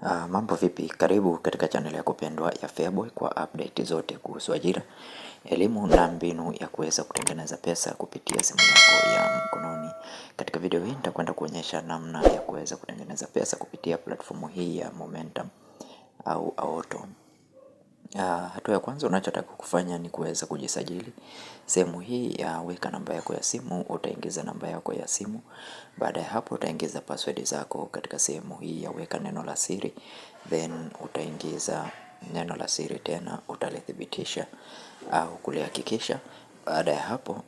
Uh, mambo vipi? Karibu katika chaneli ya kupendwa ya Feaboy kwa update zote kuhusu ajira, elimu na mbinu ya kuweza kutengeneza pesa kupitia simu yako ya mkononi. Katika video hii nitakwenda kuonyesha namna ya kuweza kutengeneza pesa kupitia platformu hii ya Momentum au Auto. Hatua ya kwanza unachotaka kufanya ni kuweza kujisajili. Sehemu hii ya weka namba yako ya simu, utaingiza namba yako ya simu. Baada ya hapo utaingiza password zako katika sehemu hii ya weka neno la siri. Then utaingiza neno la siri tena, utalithibitisha au kulihakikisha. Baada ya hapo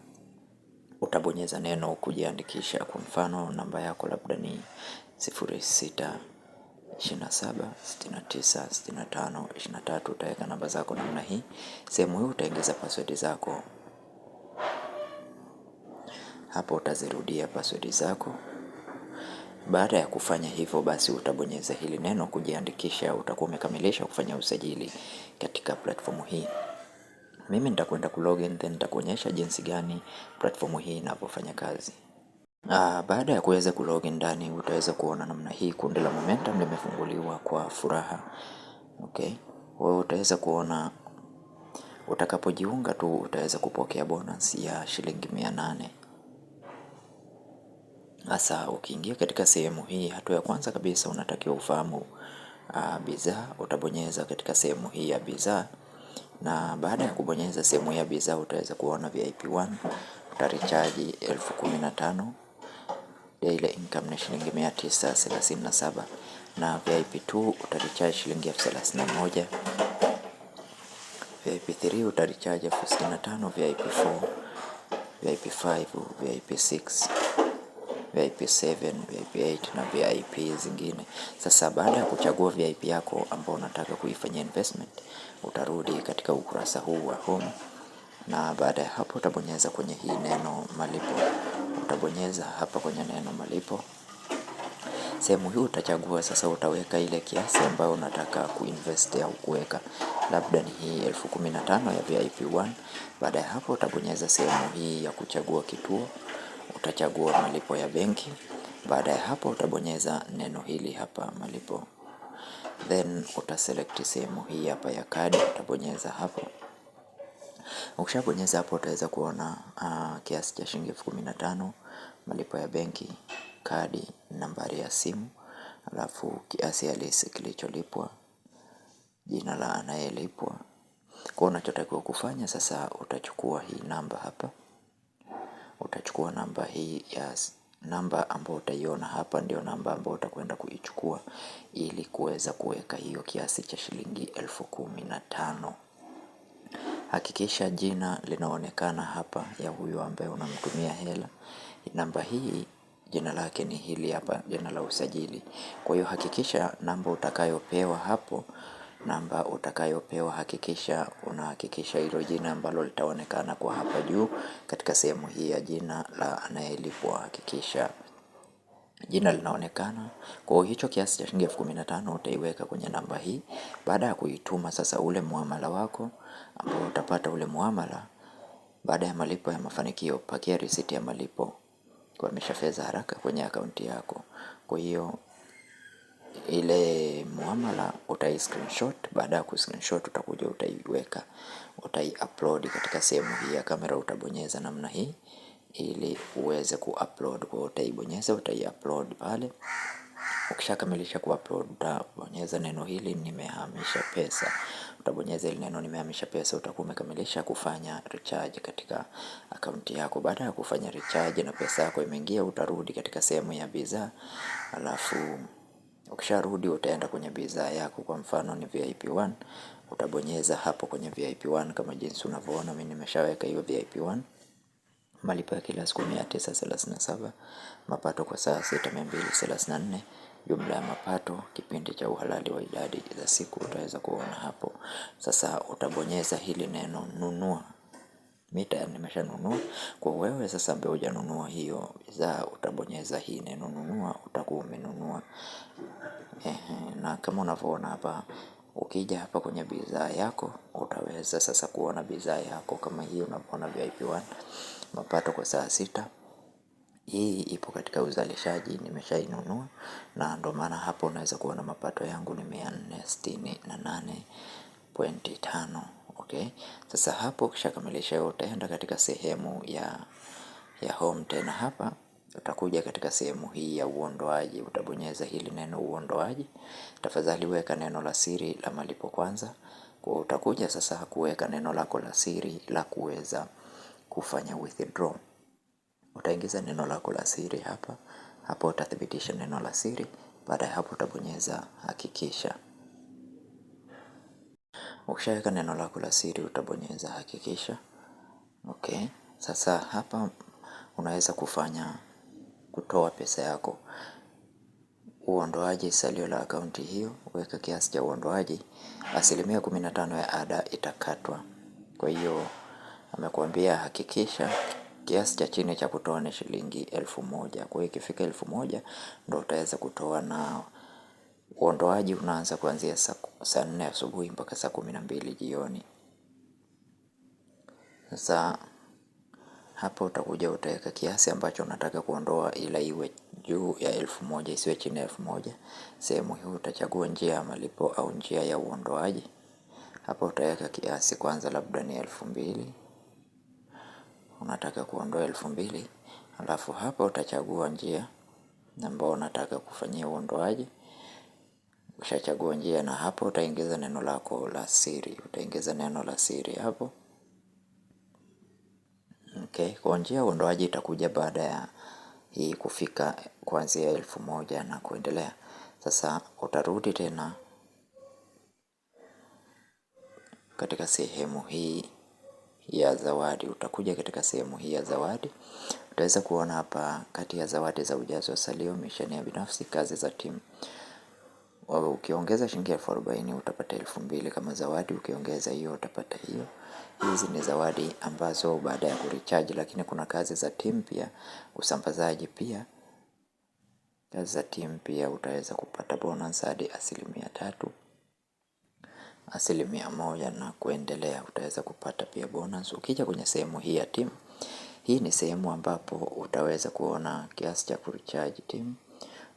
utabonyeza neno kujiandikisha kwa mfano namba yako labda ni sifuri sita ishirini na saba sitini na tisa sitini na tano ishirini na tatu utaweka namba zako namna hii. Sehemu hii utaingiza password zako, hapo utazirudia password zako. Baada ya kufanya hivyo, basi utabonyeza hili neno kujiandikisha. Utakuwa umekamilisha kufanya usajili katika platform hii. Mimi nitakwenda kulogin, then nitakuonyesha jinsi gani platform hii inavyofanya kazi. Uh, baada ya kuweza kulogi ndani utaweza kuona namna hii kundi la Momentum limefunguliwa kwa furaha. Okay. Wewe utaweza kuona utakapojiunga tu utaweza kupokea bonus ya shilingi mia nane. Sasa ukiingia katika sehemu hii, hatua ya kwanza kabisa unatakiwa ufahamu uh, bidhaa. Utabonyeza katika sehemu hii ya bidhaa, na baada ya kubonyeza sehemu hii ya bidhaa utaweza kuona VIP 1 utarichaji elfu kumi na tano ya ile income ni shilingi 937 na VIP 2 utarichaji shilingi elfu thelathini na moja VIP 3 utarichaji elfu sitini na tano VIP 4 VIP 5 VIP 6 VIP 7 VIP 8 na VIP zingine. Sasa baada ya kuchagua VIP yako ambao unataka kuifanyia investment, utarudi katika ukurasa huu wa home na baada ya hapo utabonyeza kwenye hii neno malipo, utabonyeza hapa kwenye neno malipo. Sehemu hii utachagua sasa, utaweka ile kiasi ambayo unataka kuinvest au kuweka, labda ni hii elfu kumi na tano ya VIP1. Baada ya hapo utabonyeza sehemu hii ya kuchagua kituo, utachagua malipo ya benki. Baada ya hapo utabonyeza neno hili hapa malipo, then utaselect sehemu hii hapa ya kadi, utabonyeza hapo. Ukishabonyeza hapo utaweza kuona uh, kiasi cha shilingi elfu kumi na tano, malipo ya benki, kadi, nambari ya simu, alafu kiasi halisi kilicholipwa, jina la anayelipwa. Kwa unachotakiwa kufanya sasa, utachukua hii namba hapa, utachukua namba hii ya namba ambayo utaiona hapa, ndio namba ambayo utakwenda kuichukua ili kuweza kuweka hiyo kiasi cha shilingi elfu kumi na tano. Hakikisha jina linaonekana hapa ya huyu ambaye unamtumia hela. Namba hii jina lake ni hili hapa jina la usajili. Kwa hiyo hakikisha namba utakayopewa hapo, namba utakayopewa hakikisha unahakikisha hilo jina ambalo litaonekana kwa hapa juu katika sehemu hii ya jina la anayelipwa hakikisha jina linaonekana. Kwa hicho kiasi cha shilingi elfu kumi na tano utaiweka kwenye namba hii. Baada ya kuituma sasa ule muamala wako ambao utapata ule muamala baada ya malipo ya mafanikio, pakia risiti ya malipo kuhamisha fedha haraka kwenye akaunti yako. Kwa hiyo ile muamala utai screenshot. Baada ya ku screenshot, utakuja utaiweka, utai upload katika sehemu hii ya kamera, utabonyeza namna hii ili uweze kuupload. Kwa hiyo utaibonyeza, utaiupload pale. Ukishakamilisha kuupload, utabonyeza neno hili nimehamisha pesa, utabonyeza ile neno nimehamisha pesa, utakuwa umekamilisha kufanya recharge katika akaunti yako. Baada ya kufanya recharge na pesa yako imeingia, utarudi katika sehemu ya bidhaa, alafu ukisharudi utaenda kwenye bidhaa yako. Kwa mfano ni VIP1, utabonyeza hapo kwenye VIP1 kama jinsi unavyoona mimi nimeshaweka hiyo VIP1 malipo ya kila siku mia tisa thelathini na saba mapato kwa saa sita mia mbili thelathini na nne Jumla ya mapato kipindi cha uhalali wa idadi za siku utaweza kuona hapo. Sasa utabonyeza hili neno nunua mita nimeshanunua. Kwa wewe sasa ambaye hujanunua hiyo bidhaa, utabonyeza hii neno nunua, utakuwa umenunua. na kama unavyoona hapa Ukija hapa kwenye bidhaa yako, utaweza sasa kuona bidhaa yako kama hii unapoona VIP1 mapato kwa saa sita. Hii ipo katika uzalishaji, nimeshainunua na ndo maana hapo unaweza kuona mapato yangu ni mia nne sitini na nane pointi tano. Okay, sasa hapo ukishakamilisha hiyo utaenda katika sehemu ya ya home tena hapa Utakuja katika sehemu hii ya uondoaji, utabonyeza hili neno uondoaji. Tafadhali weka neno la siri la malipo kwanza. Kwa utakuja sasa kuweka neno lako la siri la kuweza kufanya withdraw. Utaingiza neno lako la siri hapa, hapo utathibitisha neno la siri. Baada ya hapo utabonyeza hakikisha. Ukishaweka neno lako la siri utabonyeza hakikisha. Okay, sasa hapa unaweza kufanya kutoa pesa yako. Uondoaji salio la akaunti hiyo, weka kiasi cha uondoaji, asilimia kumi na tano ya ada itakatwa. Kwa hiyo amekuambia hakikisha kiasi cha chini cha kutoa ni shilingi elfu moja. Kwa hiyo ikifika elfu moja ndo utaweza kutoa, na uondoaji unaanza kuanzia saa nne asubuhi mpaka saa kumi na mbili jioni. Sasa hapo utakuja utaweka kiasi ambacho unataka kuondoa, ila iwe juu ya elfu moja isiwe chini ya elfu moja. Sehemu hii utachagua njia ya malipo au njia ya uondoaji. Hapo utaweka kiasi kwanza, labda ni elfu mbili unataka kuondoa elfu mbili alafu hapo utachagua njia ambayo unataka kufanyia uondoaji. Ushachagua njia, na hapo utaingiza neno lako la siri, utaingiza neno la siri hapo. Okay, kwa njia ya uondoaji itakuja baada ya hii kufika kuanzia elfu moja na kuendelea. Sasa utarudi tena katika sehemu hii ya zawadi, utakuja katika sehemu hii ya zawadi, utaweza kuona hapa kati ya zawadi za ujazo salio, misheni ya binafsi, kazi za timu ukiongeza shilingi elfu arobaini utapata elfu mbili kama zawadi, ukiongeza hiyo utapata hiyo. Hizi ni zawadi ambazo baada ya kurecharge, lakini kuna kazi za team pia, usambazaji pia, kazi za team pia utaweza kupata bonus hadi asilimia tatu asilimia moja na kuendelea, utaweza kupata pia bonus. Ukija kwenye sehemu hii ya team, hii ni sehemu ambapo utaweza kuona kiasi cha kurecharge team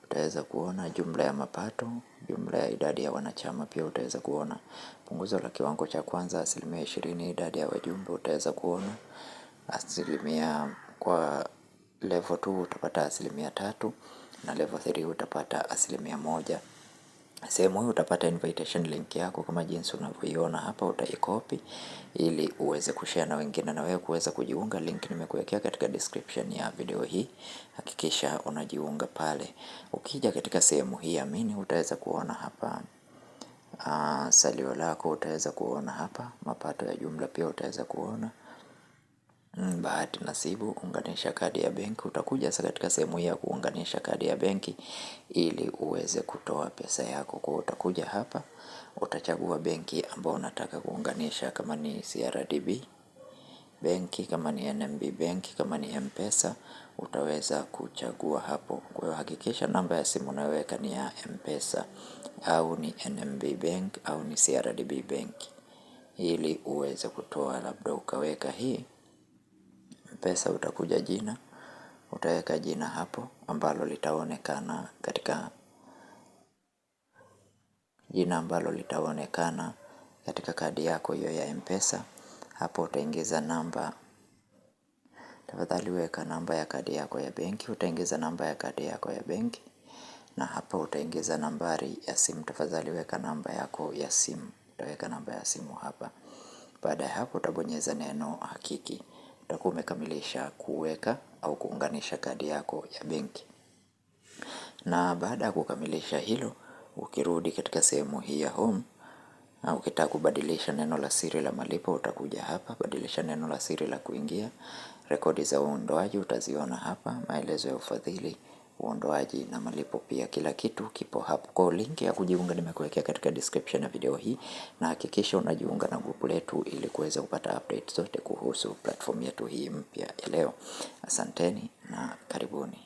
utaweza kuona jumla ya mapato, jumla ya idadi ya wanachama pia utaweza kuona. Punguzo la kiwango cha kwanza asilimia ishirini, idadi ya wajumbe utaweza kuona asilimia kwa level 2 utapata asilimia tatu na level 3 utapata asilimia moja. Sehemu hii utapata invitation link yako kama jinsi unavyoiona hapa, utaikopi ili uweze kushare na wengine na wewe kuweza kujiunga. Link nimekuwekea katika description ya video hii, hakikisha unajiunga pale. Ukija katika sehemu hii amini, utaweza kuona hapa uh, salio lako utaweza kuona hapa, mapato ya jumla pia utaweza kuona Hmm, bahati nasibu unganisha kadi ya benki. Utakuja sasa katika sehemu hii ya kuunganisha kadi ya benki ili uweze kutoa pesa yako. Kwa utakuja hapa, utachagua benki ambayo unataka kuunganisha, kama ni CRDB benki, kama ni NMB benki, kama ni Mpesa utaweza kuchagua hapo. Kwa hiyo hakikisha namba ya simu unayoweka ni ya mpesa au ni NMB bank au ni CRDB benki, ili uweze kutoa, labda ukaweka hii pesa utakuja jina, utaweka jina hapo ambalo litaonekana katika jina ambalo litaonekana katika kadi yako hiyo ya Mpesa. Hapo utaingiza namba, tafadhali weka namba ya kadi yako ya benki, utaingiza namba ya kadi yako ya benki na hapa utaingiza nambari ya simu. Tafadhali weka namba yako ya simu, utaweka namba ya simu hapa. Baada ya hapo utabonyeza neno hakiki utakuwa umekamilisha kuweka au kuunganisha kadi yako ya benki. Na baada ya kukamilisha hilo, ukirudi katika sehemu hii ya home, na ukitaka kubadilisha neno la siri la malipo utakuja hapa, badilisha neno la siri la kuingia. Rekodi za uondoaji utaziona hapa, maelezo ya ufadhili uondoaji na malipo pia, kila kitu kipo hapo. Kwa link ya kujiunga nimekuwekea katika description ya video hii, na hakikisha unajiunga na grupu letu ili kuweza kupata update zote kuhusu platform yetu hii mpya ya leo. Asanteni na karibuni.